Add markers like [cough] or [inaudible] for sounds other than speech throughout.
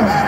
Yes.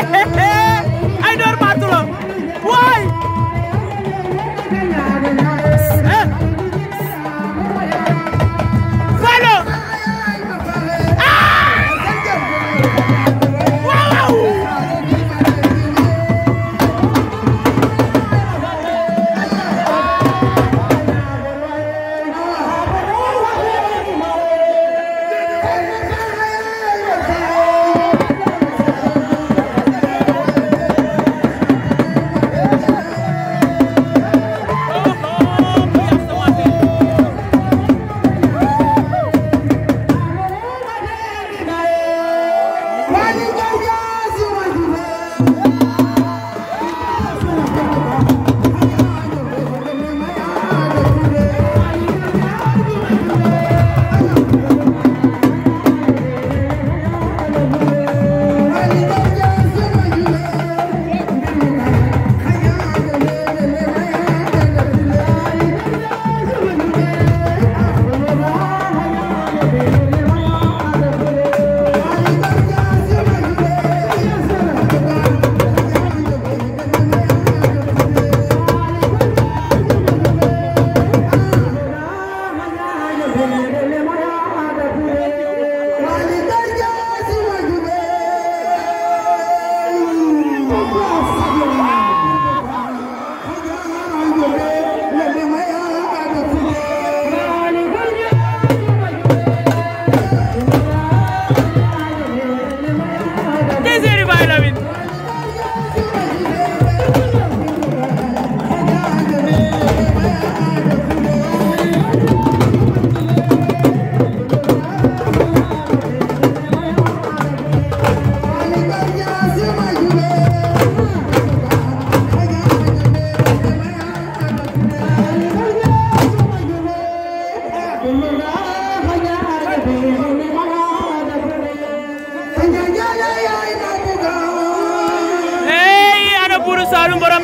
Hehehehe [laughs]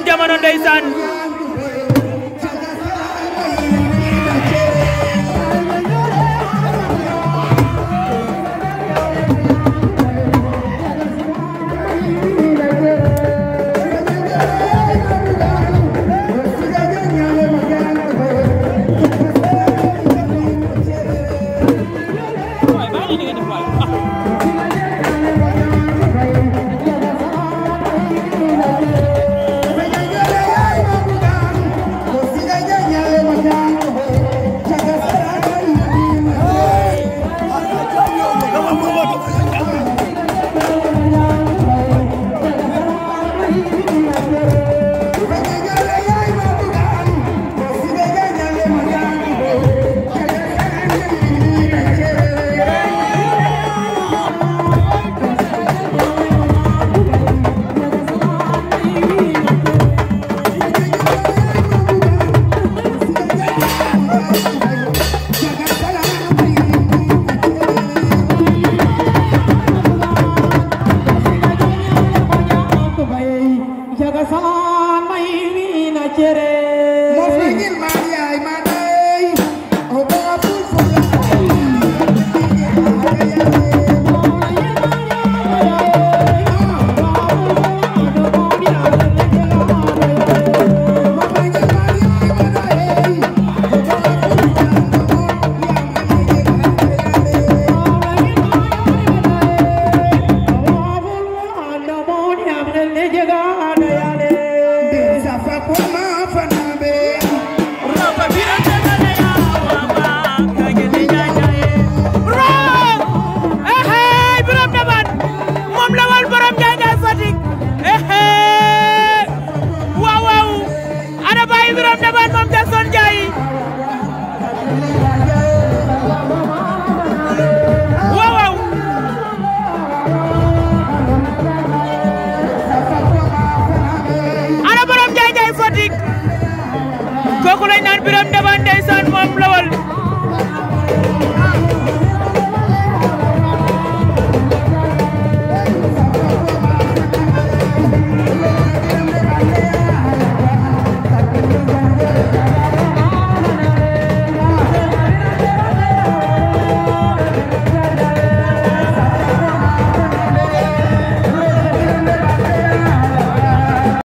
jamono ndeysaan குலை நான் பிறந்த வாண்டை சான் மாம்பளவள்